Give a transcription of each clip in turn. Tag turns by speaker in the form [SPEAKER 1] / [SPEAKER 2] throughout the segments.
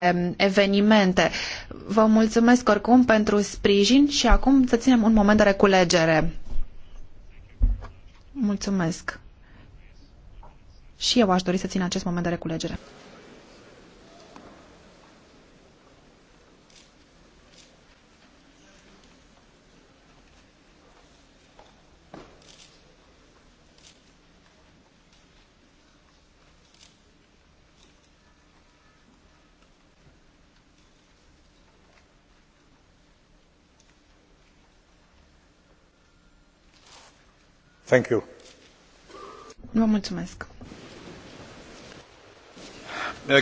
[SPEAKER 1] Um, evenimente. Vă mulțumesc oricum pentru sprijin și acum să ținem un moment de reculegere. Mulțumesc. Și eu aș dori să țin acest moment de reculegere.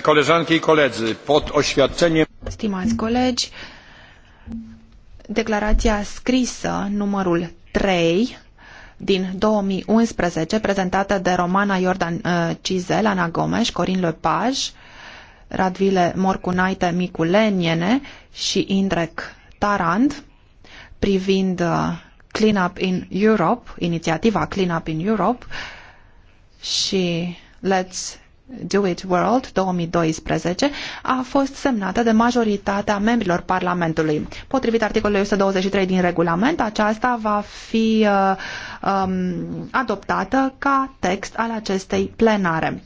[SPEAKER 2] koleżanki colegi,
[SPEAKER 1] declarația scrisă numărul trei din două mii unsprezece prezentată de Romana Iordan uh, Cizel, Ana Gomes, Corin Lepage, Radvile Morcunaite Miculeniene i Indrek Tarand privind uh, Clean Up in Europe, inițiativa Clean Up in Europe și Let's Do It World 2012 a fost semnată de majoritatea membrilor Parlamentului. Potrivit articolului 123 din regulament, aceasta va fi uh, um, adoptată ca text al acestei plenare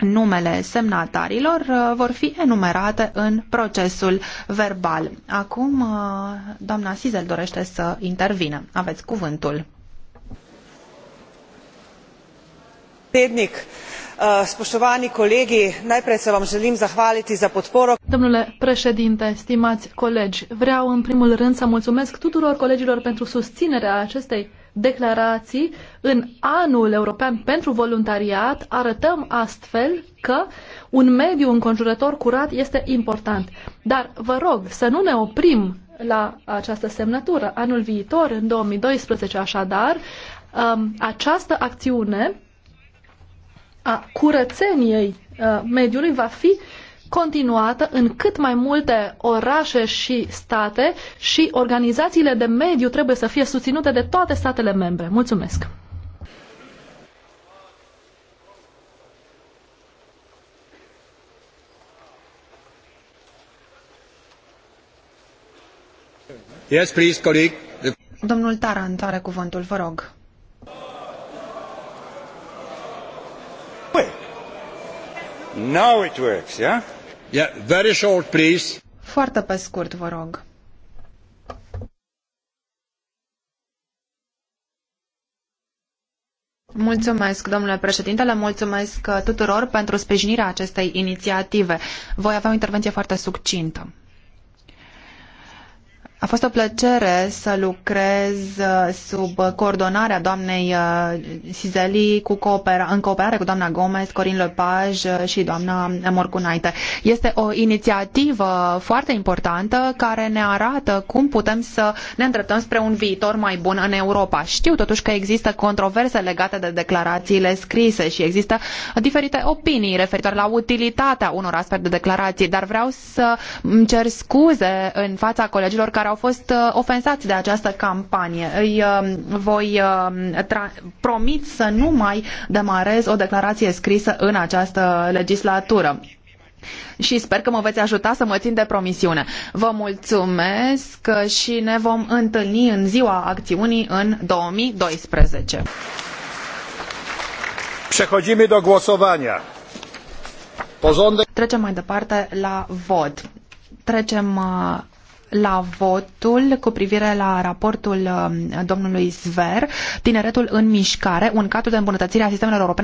[SPEAKER 1] numele semnatarilor uh, vor fi enumerate în procesul verbal. Acum, uh, doamna Sizel dorește să intervină. Aveți cuvântul. Prednic, uh, spoštovani colegi, najprej să vă želim zahvaliti za podporo.
[SPEAKER 2] Domnule președinte, stimați colegi, vreau în primul rând să mulțumesc tuturor colegilor pentru susținerea acestei declarații în anul european pentru voluntariat, arătăm astfel că un mediu înconjurător curat este important. Dar vă rog să nu ne oprim la această semnătură. Anul viitor, în 2012 așadar, um, această acțiune a curățeniei uh, mediului va fi uh, continuată în cât mai multe orașe și state și organizațiile de mediu trebuie să fie susținute de toate statele membre. Mulțumesc! Yes, please, colleague.
[SPEAKER 1] Domnul Tarant are cuvântul, vă rog.
[SPEAKER 2] Now it works, yeah? Yeah, very short, please.
[SPEAKER 1] Foarte pe scurt, vă rog. Mulțumesc, domnule președinte, le mulțumesc tuturor pentru sprijinirea acestei inițiative. Voi avea o intervenție foarte succintă. A fost o plăcere să lucrez uh, sub coordonarea doamnei uh, Sizeli cu coopera- în cooperare cu doamna Gomez, Corin Lepaj uh, și doamna Morcunaite. Este o inițiativă foarte importantă care ne arată cum putem să ne îndreptăm spre un viitor mai bun în Europa. Știu totuși că există controverse legate de declarațiile scrise și există diferite opinii referitoare la utilitatea unor astfel de declarații, dar vreau să îmi cer scuze în fața colegilor care care au fost uh, ofensați de această campanie. Îi um, voi um, promit să nu mai demarez o declarație scrisă în această legislatură și sper că mă veți ajuta să mă țin de promisiune. Vă mulțumesc și ne vom întâlni în ziua acțiunii în 2012.
[SPEAKER 2] Przechodzimy do głosowania. Porządek...
[SPEAKER 1] Trecem mai departe la vot. Trecem uh, la votul cu privire la raportul um, domnului Zver, Tineretul în mișcare, un cadru de îmbunătățire a sistemelor europene